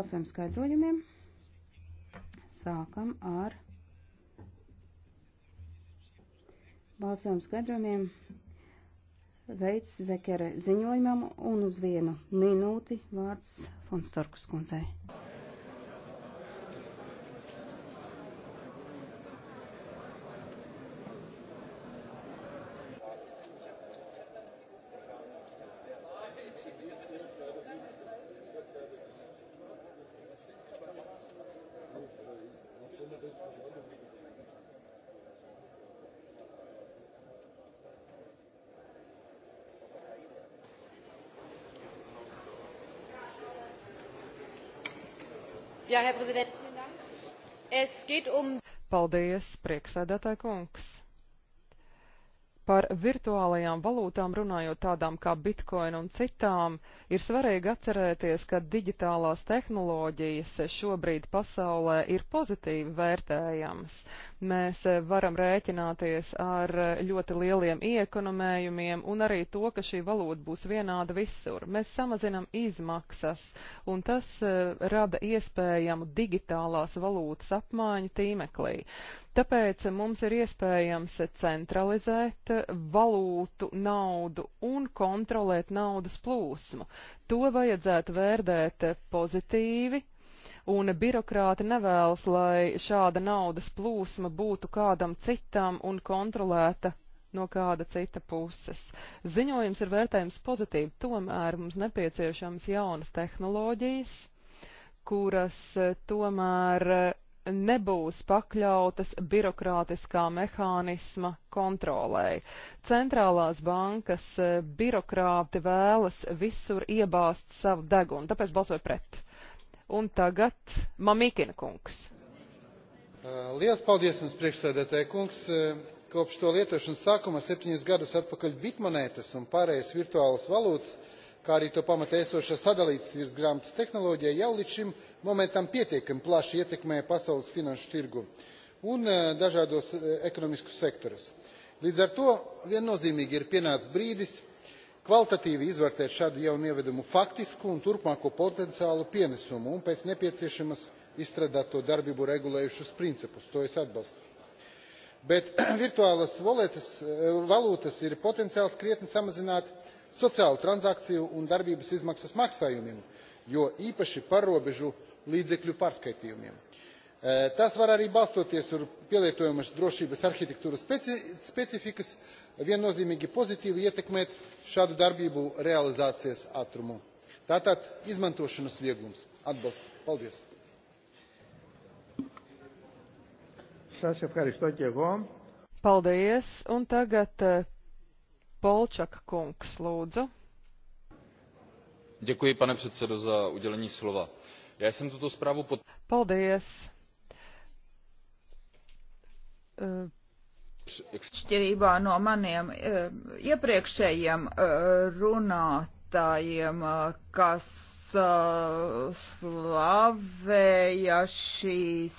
balsojumu skaidrojumiem. Sākam ar balsojumu skaidrojumiem veids Zekere ziņojumam un uz vienu minūti vārds Fonstorkas kundzei. Jā, Herr Präsident, es geht um. Paldies, prieksēdētāji kungs. Par virtuālajām valūtām runājot tādām kā bitcoin un citām, ir svarīgi atcerēties, ka digitālās tehnoloģijas šobrīd pasaulē ir pozitīvi vērtējams. Mēs varam rēķināties ar ļoti lieliem iekonomējumiem un arī to, ka šī valūta būs vienāda visur. Mēs samazinam izmaksas un tas eh, rada iespējamu digitālās valūtas apmaiņu tīmeklī. Tāpēc mums ir iespējams centralizēt valūtu naudu un kontrolēt naudas plūsmu. To vajadzētu vērdēt pozitīvi, un birokrāti nevēlas, lai šāda naudas plūsma būtu kādam citam un kontrolēta no kāda cita puses. Ziņojums ir vērtējums pozitīvi, tomēr mums nepieciešams jaunas tehnoloģijas, kuras tomēr nebūs pakļautas birokrātiskā mehānisma kontrolē. Centrālās bankas eh, birokrāti vēlas visur iebāzt savu degunu, tāpēc balsoju pret. Un tagad Mamikina kungs. Eh, Lielas paldies jums, priekšsēdētāji kungs. Eh, kopš to lietošanas sākuma septiņus gadus atpakaļ bitmonētas un pārējais virtuālas valūtas, kā arī to pamatēsošā sadalītas virsgrāmatas tehnoloģija jau līdz šim momentam pietiekami plaši ietekmē pasaules finanšu tirgu un e, dažādos e, ekonomiskos sektorus. līdz ar to viennozīmīgi ir pienācis brīdis kvalitatīvi izvērtēt šādu jaunu ievedumu faktisku un turpmāko potenciālu pienesumu un pēc nepieciešamības izstrādāt to darbību regulējušus principus to es atbalstu. bet virtuālās e, valūtas ir potenciāls krietni samazināt sociālo transakciju un darbības izmaksas maksājumiem jo īpaši pārrobežu līdzekļu pārskaitījumiem. Tas var arī balstoties uz pielietojamas drošības arhitektūras speci specifikas viennozīmīgi pozitīvi ietekmēt šādu darbību realizācijas ātrumu. Tātad izmantošanas vieglums. Atbalstu. Paldies. Paldies. Un tagad Polčak kungs lūdzu. Děkuji, pane předsedo, za udělení slova Ja esam tuto správu pod... Paldies! Uh. Šķirībā no maniem uh, iepriekšējiem uh, runātājiem, uh, kas slavēja šīs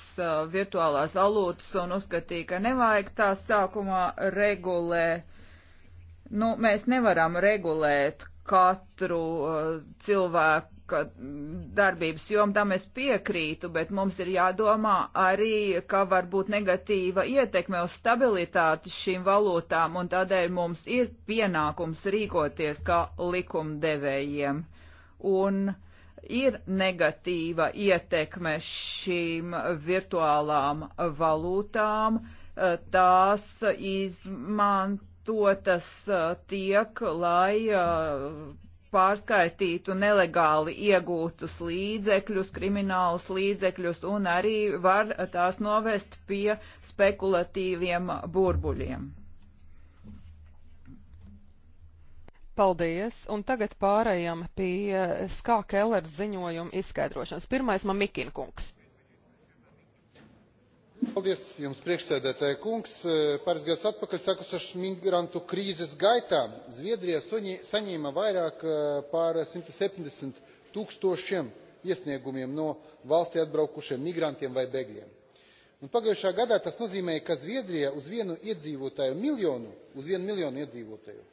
virtuālās valūtas un uzskatīja, ka nevajag tās sākumā regulē. Nu, mēs nevaram regulēt katru cilvēku ka darbības jom tam es piekrītu, bet mums ir jādomā arī, ka var būt negatīva ietekme uz stabilitāti šīm valūtām, un tādēļ mums ir pienākums rīkoties kā likumdevējiem. Un ir negatīva ietekme šīm virtuālām valūtām, tās izmantotas eh, tiek, lai eh, pārskaitītu nelegāli iegūtus līdzekļus, kriminālus līdzekļus un arī var tās novest pie spekulatīviem burbuļiem. Paldies, un tagad pārējām pie Skā Kellers ziņojuma izskaidrošanas. Pirmais man Mikinkungs. Paldies jums, priekšsēdētāja kungs. Eh, pāris gadus atpakaļ sākusies migrantu krīzes gaitā Zviedrija saņēma vairāk eh, par 170 tūkstošiem iesniegumiem no valstī atbraukušiem migrantiem vai bēgļiem. Un pagājušā gadā tas nozīmēja, ka Zviedrija uz vienu iedzīvotāju miljonu, uz vienu miljonu iedzīvotāju,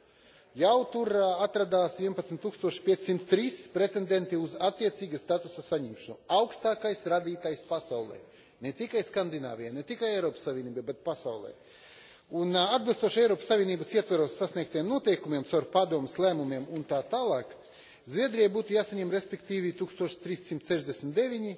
jau tur eh, atradās 11503 pretendenti uz attiecīga statusa saņemšanu. Augstākais radītais pasaulē ne tikai skandināvijai ne tikai eiropas savienībai bet pasaulē. atbilstoši eiropas savienības ietvaros sasniegtiem noteikumiem caur padomes lēmumiem un tā tālāk zviedrijai būtu jāsaņem respektīvi 1369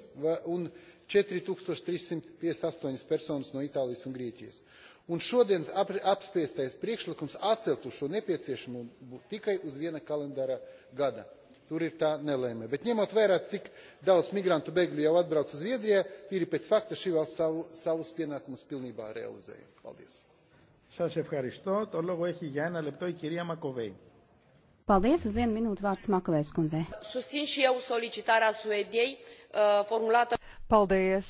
un 4358 personas no Itālijas un Grieķijas. Un šodienas ap, apspiestais priekšlikums atceltu šo nepieciešamību tikai uz viena kalendāra gada tur ir tā nelēmē. Bet ņemot vērā, cik daudz migrantu bēgļu jau atbrauc uz Viedrijā, tīri pēc fakta šī valsts savu, savus pienākumus pilnībā realizēja. Paldies! Σας ευχαριστώ. Το λόγο έχει για ένα λεπτό η κυρία Μακοβέη. Paldies, uz vienu minūtu vārds Makavēs kundzei. Uh, Paldies!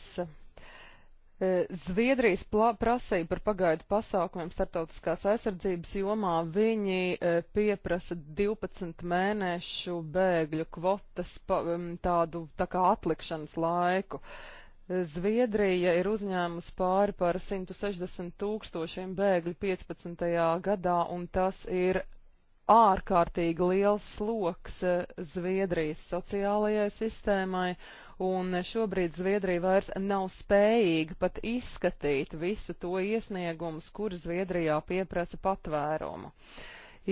E, Zviedrijas prasība par pagaidu pasākumiem startautiskās aizsardzības jomā viņi e, pieprasa 12 mēnešu bēgļu kvotas tādu tā kā atlikšanas laiku. E, Zviedrija ir uzņēmusi pāri par 160 tūkstošiem bēgļu 15. gadā, un tas ir ārkārtīgi liels sloks eh, Zviedrijas sociālajai sistēmai, un šobrīd Zviedrija vairs nav spējīga pat izskatīt visu to iesniegumus, kur Zviedrijā pieprasa patvērumu.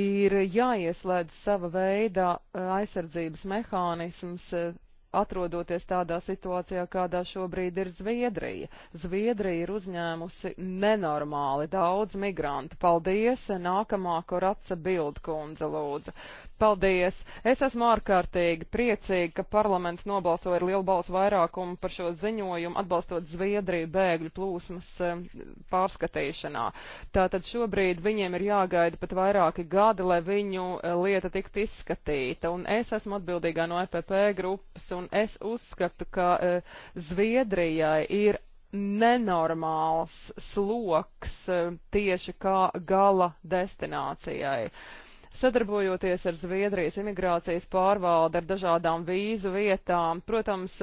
Ir jāieslēdz sava veida eh, aizsardzības mehānisms eh, atrodoties tādā situācijā, kādā šobrīd ir Zviedrija. Zviedrija ir uzņēmusi nenormāli daudz migrantu. Paldies, nākamā koraca bildkundze lūdzu. Paldies! Es esmu ārkārtīgi priecīgi, ka parlaments nobalsoja ar lielu balsu vairākumu par šo ziņojumu, atbalstot Zviedriju bēgļu plūsmas eh, pārskatīšanā. Tātad šobrīd viņiem ir jāgaida pat vairāki gadi, lai viņu eh, lieta tiktu izskatīta. Un es esmu atbildīgā no EPP grupas un un es uzskatu, ka uh, Zviedrijai ir nenormāls sloks eh, tieši kā gala destinācijai sadarbojoties ar Zviedrijas imigrācijas pārvaldi, ar dažādām vīzu vietām. Protams,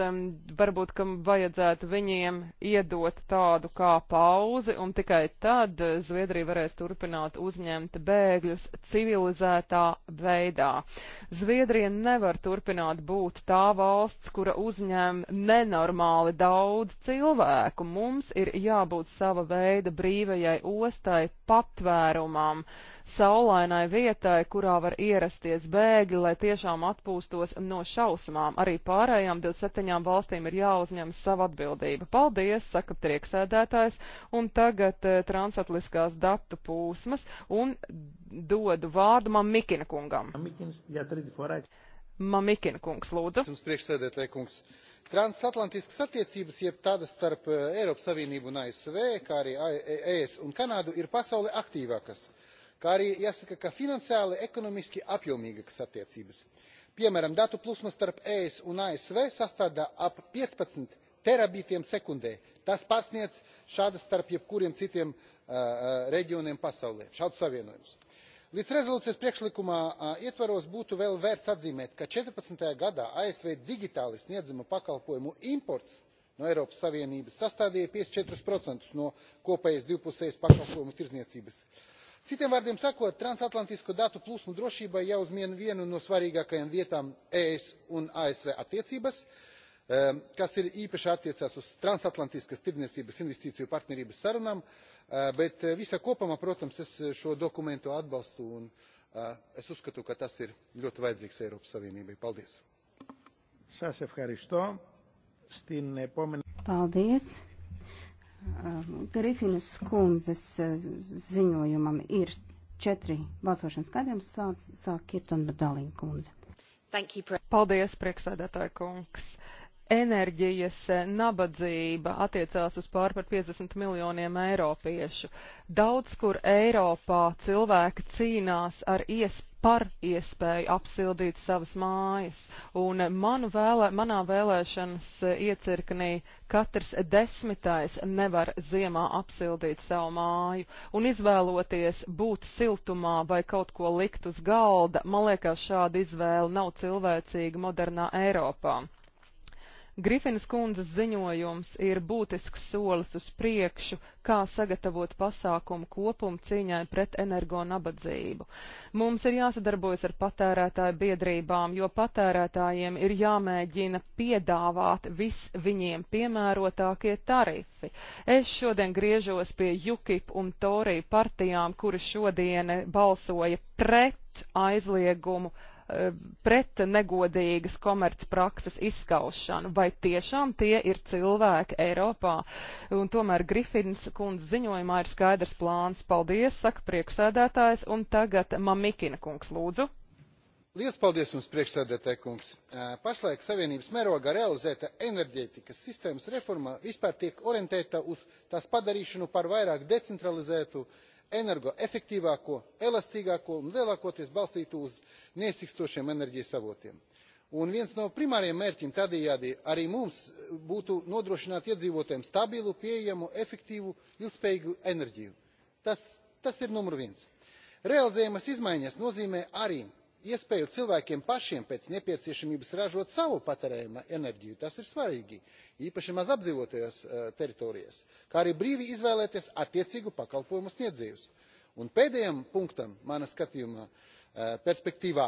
varbūt, ka vajadzētu viņiem iedot tādu kā pauzi, un tikai tad Zviedrija varēs turpināt uzņemt bēgļus civilizētā veidā. Zviedrija nevar turpināt būt tā valsts, kura uzņem nenormāli daudz cilvēku. Mums ir jābūt sava veida brīvajai ostai, patvērumam, saulainai vietai, pasaulē, kurā var ierasties bēgļi, lai tiešām atpūstos no šausmām. Arī pārējām 27 valstīm ir jāuzņem sava atbildība. Paldies, saka prieksēdētājs, un tagad e, eh, transatliskās datu pūsmas, un dodu vārdu man Mikina kungam. Man Mikina kungs, lūdzu. Jums priekšsēdētāji kungs. Transatlantiskas attiecības, jeb tādas starp eh, Eiropas Savienību un ASV, kā arī ES e un Kanādu, ir pasaule aktīvākas kā arī jāsaka ka finansiāli ekonomiski apjomīgākas attiecības. piemēram datu plūsma starp es un asv sastāv ap piecpadsmit terabitiem sekundē tas pārsniedz šādas starp jebkuriem citiem reģioniem pasaulē šādus savienojumus. līdz rezolūcijas priekšlikuma ietvaros būtu vēl vērts atzīmēt ka četrpadsmitajā gadā asv digitāli sniedzamo pakalpojumu imports no eiropas savienības sastādīja piecdesmit četrus procentus no kopējās divpusējās pakalpojumu tirdzniecības citiem vārdiem sakot transatlantisko datu plūsmu drošība jau vien viena no svarīgākajām vietām es un asv attiecībās ehm, kas īpaši attiecās uz transatlantiskās tirdzniecības investīciju partnerības sarunām ehm, bet eh, visā kopumā protams es eh, šo dokumentu atbalstu un eh, es uzskatu ka tas ir ļoti vajadzīgs eiropas savienībai. paldies! Paldies! Um, Grifinas kundzes uh, ziņojumam ir četri balsošanas gadiem, sāk, sāk Kirtona Dalīna kundze. You, Paldies, priekšsēdētāja kungs! enerģijas eh, nabadzība attiecās uz pār par 50 miljoniem eiropiešu. Daudz kur Eiropā cilvēki cīnās ar iespēju par iespēju apsildīt savas mājas. Un manu vēlē, manā vēlēšanas iecirknī katrs desmitais nevar ziemā apsildīt savu māju. Un izvēloties būt siltumā vai kaut ko likt uz galda, man liekas, šāda izvēle nav cilvēcīga modernā Eiropā. Grifinas kundzes ziņojums ir būtisks solis uz priekšu, kā sagatavot pasākumu kopumu cīņai pret energo nabadzību. Mums ir jāsadarbojas ar patērētāju biedrībām, jo patērētājiem ir jāmēģina piedāvāt vis viņiem piemērotākie tarifi. Es šodien griežos pie UKIP un Toriju partijām, kuri šodien balsoja pret aizliegumu pret negodīgas komercprakses izskaušanu. Vai tiešām tie ir cilvēki Eiropā? Un tomēr Grifins kundze ziņojumā ir skaidrs plāns. Paldies, saka priekšsēdētājs, un tagad Mamikina kungs lūdzu. Lielas paldies jums, priekšsēdētāj kungs! Pašlaik Savienības mērogā realizēta enerģētikas sistēmas reforma vispār tiek orientēta uz tās padarīšanu par vairāk decentralizētu uh, energoefektīvāko elastīgāko un lielākoties balstītu uz neizsikstošiem enerģijas avotiem. un viens no primāriem mērķiem tādējādi arī mums būtu nodrošināt iedzīvotājiem stabilu pieejamu efektīvu ilgtspējīgu enerģiju. tas ir numur viens. realizējamas izmaiņas nozīmē arī iespēju cilvēkiem pašiem pēc nepieciešamības ražot savu patērējamo enerģiju tas ir svarīgi īpaši mazapdzīvotajās eh, teritorijās kā arī brīvi izvēlēties attiecīgu pakalpojumu sniedzējus. un pēdējam punktam manā skatījumā eh, perspektīvā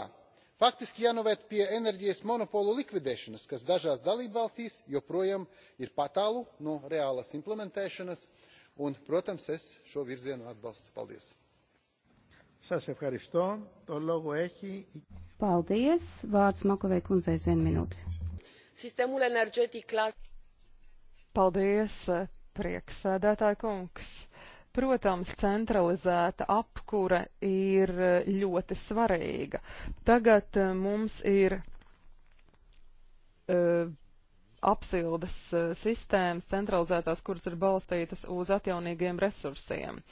faktiski jānovērt pie enerģijas monopolu likvidēšanas kas dažās dalībvalstīs joprojām ir pat tālu no reālas implementēšanas un protams es šo virzienu atbalstu. paldies! Σας ευχαριστώ. Το λόγο έχει... Paldies. Vārds Makovei kundzei uz vienu minūti. Sistemul energetic klas... Paldies, prieksēdētāja kungs. Protams, centralizēta apkura ir ļoti svarīga. Tagad eh, mums ir uh, apsildes eh, sistēmas centralizētās, kuras ir balstītas uz atjaunīgiem resursiem. Uh,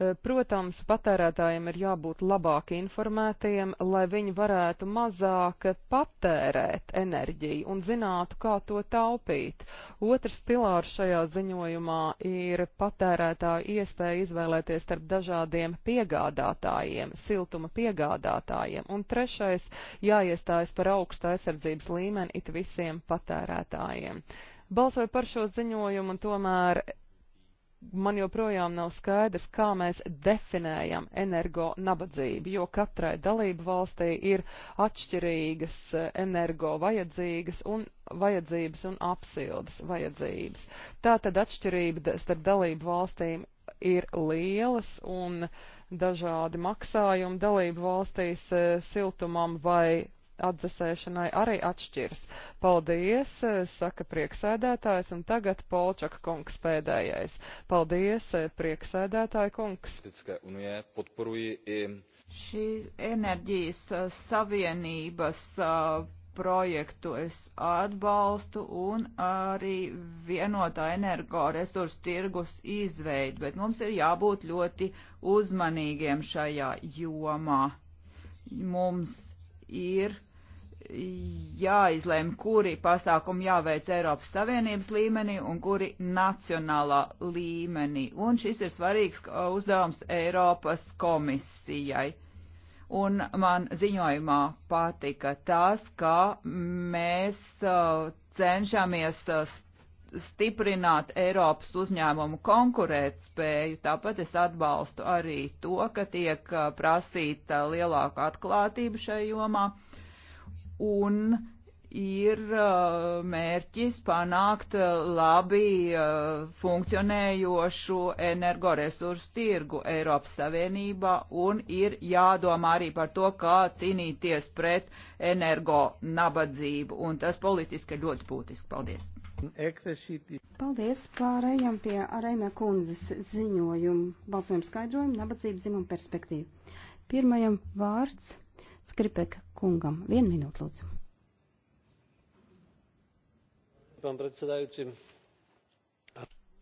Eh, protams, patērētājiem ir jābūt labāk informētiem, lai viņi varētu mazāk patērēt enerģiju un zinātu, kā to taupīt. Otrs pilārs šajā ziņojumā ir patērētāju iespēja izvēlēties starp dažādiem piegādātājiem, siltuma piegādātājiem. Un trešais - jāiestājas par augstu aizsardzības līmeni it visiem patērētājiem. Balsoju par šo ziņojumu un tomēr man joprojām nav skaidrs, kā mēs definējam energo nabadzību, jo katrai dalību valstī ir atšķirīgas eh, energo vajadzīgas un vajadzības un apsildes vajadzības. Tātad atšķirība starp dalību valstīm ir lielas un dažādi maksājumi dalību valstīs eh, siltumam vai atdzesēšanai arī atšķiras. Paldies, e, saka prieksēdētājs, un tagad Polčaka kungs pēdējais. Paldies, e, prieksēdētāja kungs. Šī enerģijas e, savienības projektu es atbalstu un arī vienotā energoresursu tirgus izveidu, bet mums ir jābūt ļoti uzmanīgiem šajā jomā. Mums ir jāizlēm, kuri pasākumi jāveic Eiropas Savienības līmenī un kuri nacionālā līmenī. Un šis ir svarīgs uh, uzdevums Eiropas komisijai. Un man ziņojumā patika tas, ka mēs uh, cenšamies uh, stiprināt Eiropas uzņēmumu konkurētspēju. Tāpat es atbalstu arī to, ka tiek prasīta lielāka atklātība šajā jomā un ir uh, mērķis panākt uh, labi uh, funkcionējošu energoresursu tirgu Eiropas Savienībā un ir jādomā arī par to, kā cīnīties pret energo nabadzību. Un tas politiski ir ļoti būtiski. Paldies! Paldies! Pārējām pie Arēna kundzes ziņojumu. Balsojumu skaidrojumu, nabadzību zimumu perspektīvu. Pirmajam vārds. Skripeka kungam. Vienu minūtu, lūdzu.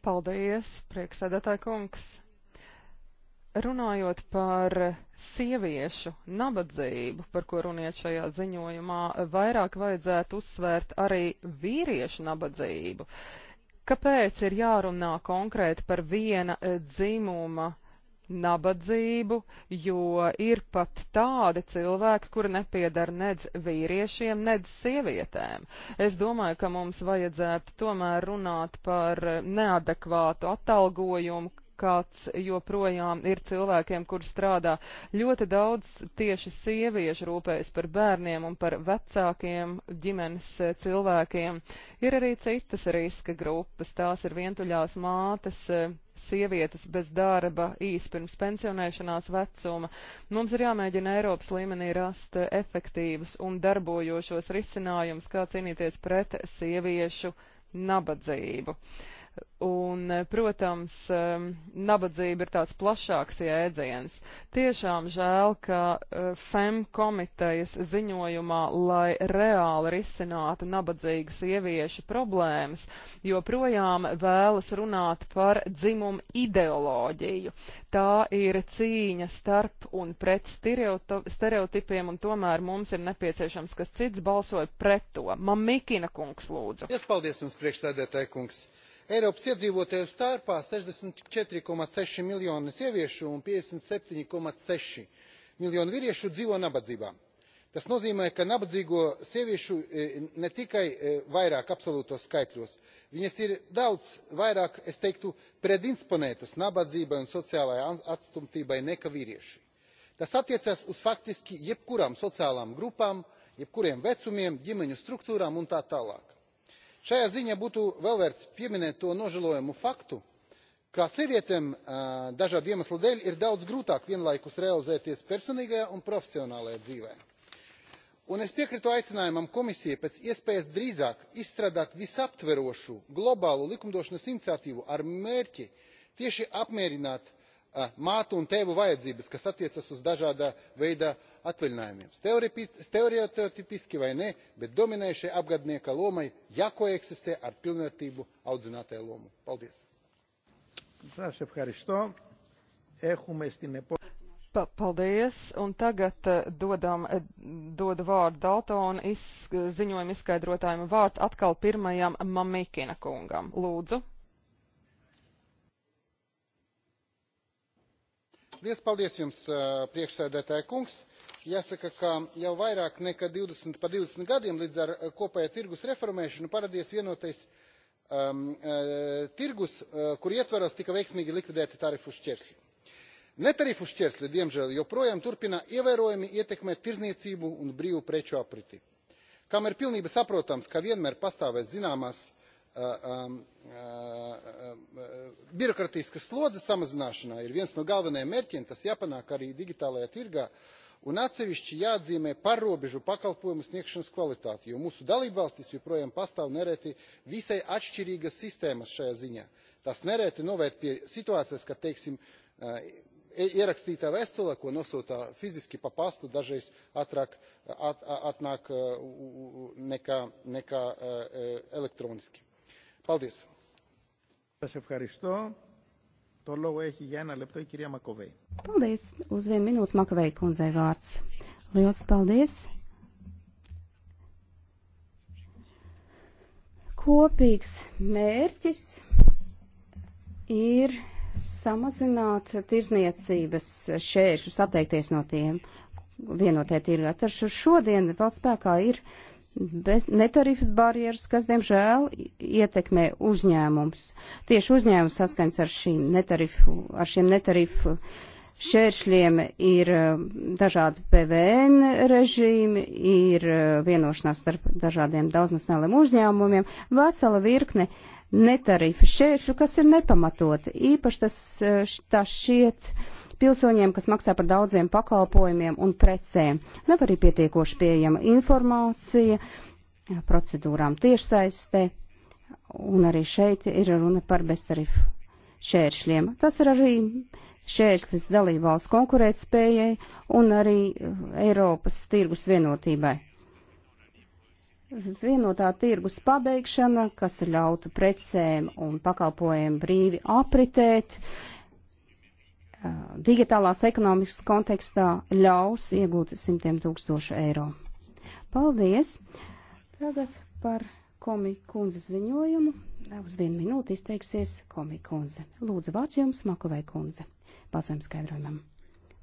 Paldies, priekšsēdētāja kungs. Runājot par sieviešu nabadzību, par ko runiet šajā ziņojumā, vairāk vajadzētu uzsvērt arī vīriešu nabadzību. Kāpēc ir jārunā konkrēti par viena eh, dzimuma uh, nabadzību, jo ir pat tādi cilvēki, kuri nepiedara nedz vīriešiem, nedz sievietēm. Es domāju, ka mums vajadzētu tomēr runāt par neadekvātu atalgojumu, kāds joprojām ir cilvēkiem, kur strādā. Ļoti daudz tieši sieviešu rūpējas par bērniem un par vecākiem ģimenes cilvēkiem. Ir arī citas riska grupas, tās ir vientuļās mātes, sievietes bez darba īs pirms pensionēšanās vecuma. Mums ir jāmēģina Eiropas līmenī rast efektīvus un darbojošos risinājumus, kā cīnīties pret sieviešu nabadzību. Un, eh, protams, eh, nabadzība ir tāds plašāks jēdziens. Tiešām žēl, ka eh, FEM komitejas ziņojumā, lai reāli risinātu nabadzīgu sieviešu problēmas, joprojām vēlas runāt par dzimumu ideoloģiju. Tā ir cīņa starp un pret stereotipiem, un tomēr mums ir nepieciešams, kas cits balsoja pret to. Mamikina kungs lūdzu. Yes, paldies jums, priekšsēdētāji kungs eiropas iedzīvotāju starpā sešdesmit četri seši miljoni sieviešu un piecdesmit septiņi seši miljoni vīriešu dzīvo nabadzībā. tas nozīmē ka nabadzīgo sieviešu ir e, ne tikai e, vairāk absolūtos skaitļos viņas ir daudz vairāk es teiktu predisponētas nabadzībai un sociālajai atstumtībai nekā vīrieši. tas attiecas uz faktiski jebkurām sociālām grupām jebkuriem vecumiem ģimeņu struktūrām un tā tālāk šajā ziņā būtu vēl vērts pieminēt to nožēlojamu faktu ka sievietēm dažādu iemeslu dēļ ir daudz grūtāk vienlaikus realizēties personīgajā un profesionālajā dzīvē un es piekrītu aicinājumam komisijai pēc iespējas drīzāk izstrādāt visaptverošu globālu likumdošanas iniciatīvu ar mērķi tieši apmierināt mātu un tēvu vajadzības kas attiecas uz dažāda veida atvaļinājumiem. stereotipiski vai nē bet dominējošai apgadnieka lomai jākoeksistē ar pilnvērtīgu audzinātāja lomu. paldies! Paldies, un tagad eh, dodam, eh, dodu vārdu Daltona iz, ziņojuma izskaidrotājiem vārds atkal pirmajam Mamikina kungam. Lūdzu. liels paldies jums priekšsēdētāja kungs! jāsaka ka jau vairāk nekā par divdesmit gadiem līdz ar kopējā tirgus reformēšanu paradies vienotais tirgus kura ietvaros tika veiksmīgi likvidēti tarifu šķēršļi. netarifu šķēršļi diemžēl joprojām turpina ievērojami ietekmēt tirdzniecību un brīvu preču apriti kam ir pilnīgi saprotams ka vienmēr pastāvēs zināmas birokrātiskas slodzes samazināšanā ir viens no galvenajiem mērķiem tas jāpanāk arī digitālajā tirgū un atsevišķi jāatzīmē pārrobežu pakalpojumu sniegšanas kvalitāte jo mūsu dalībvalstīs joprojām pastāv nereti visai atšķirīgas sistēmas šajā ziņā. tas nereti noved pie situācijas kad teiksim ierakstītā vēstule ko nosūta fiziski pa pastu dažreiz ātrāk atnāk nekā elektroniski. Paldies! Paldies! Uz vienu minūtu Makavei kundzei vārds. Liels paldies! Kopīgs mērķis ir samazināt tirzniecības šķēršus, atteikties no tiem vienotē tirgā. Taču šodien vēl spēkā ir netarifu barjeras, kas, diemžēl, ietekmē uzņēmums. Tieši uzņēmums saskaņas ar, netarifu, ar šiem netarifu šēršļiem ir um, dažādi PVN režīmi, ir uh, vienošanās starp dažādiem daudznacionāliem uzņēmumiem, vesela virkne netarifu šēršļu, kas ir nepamatoti. Īpaši tas tā uh, šiet pilsoņiem, kas maksā par daudziem pakalpojumiem un precēm. Nav arī pietiekoši pieejama informācija procedūrām tiešsaistē, un arī šeit ir runa par beztarifu šēršļiem. Tas ir arī šēršļis dalībvalsts konkurētspējai un arī Eiropas tirgus vienotībai. Vienotā tirgus pabeigšana, kas ļautu precēm un pakalpojumiem brīvi apritēt, uh, Eh, digitālās ekonomikas kontekstā ļaus iegūt simtiem tūkstošu eiro. Paldies! Tagad par komikundzes ziņojumu. Uz vienu minūti izteiksies komikundze. Lūdzu, vārds jums, Makovei kundze. Balsojam skaidrojumam.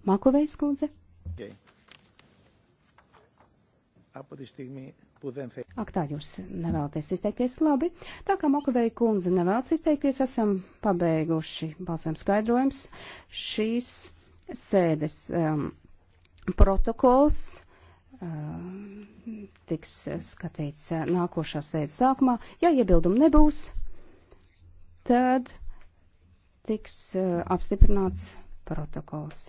Makovei skundze. Okay. Από τη στιγμή Ak, tā jūs nevēlaties izteikties labi. Tā kā Makavei kundze nevēlas izteikties, esam pabeiguši balsojumu skaidrojums. Šīs sēdes um, protokols um, tiks skatīts uh, nākošā sēdes sākumā. Ja iebildumi nebūs, tad tiks uh, apstiprināts protokols.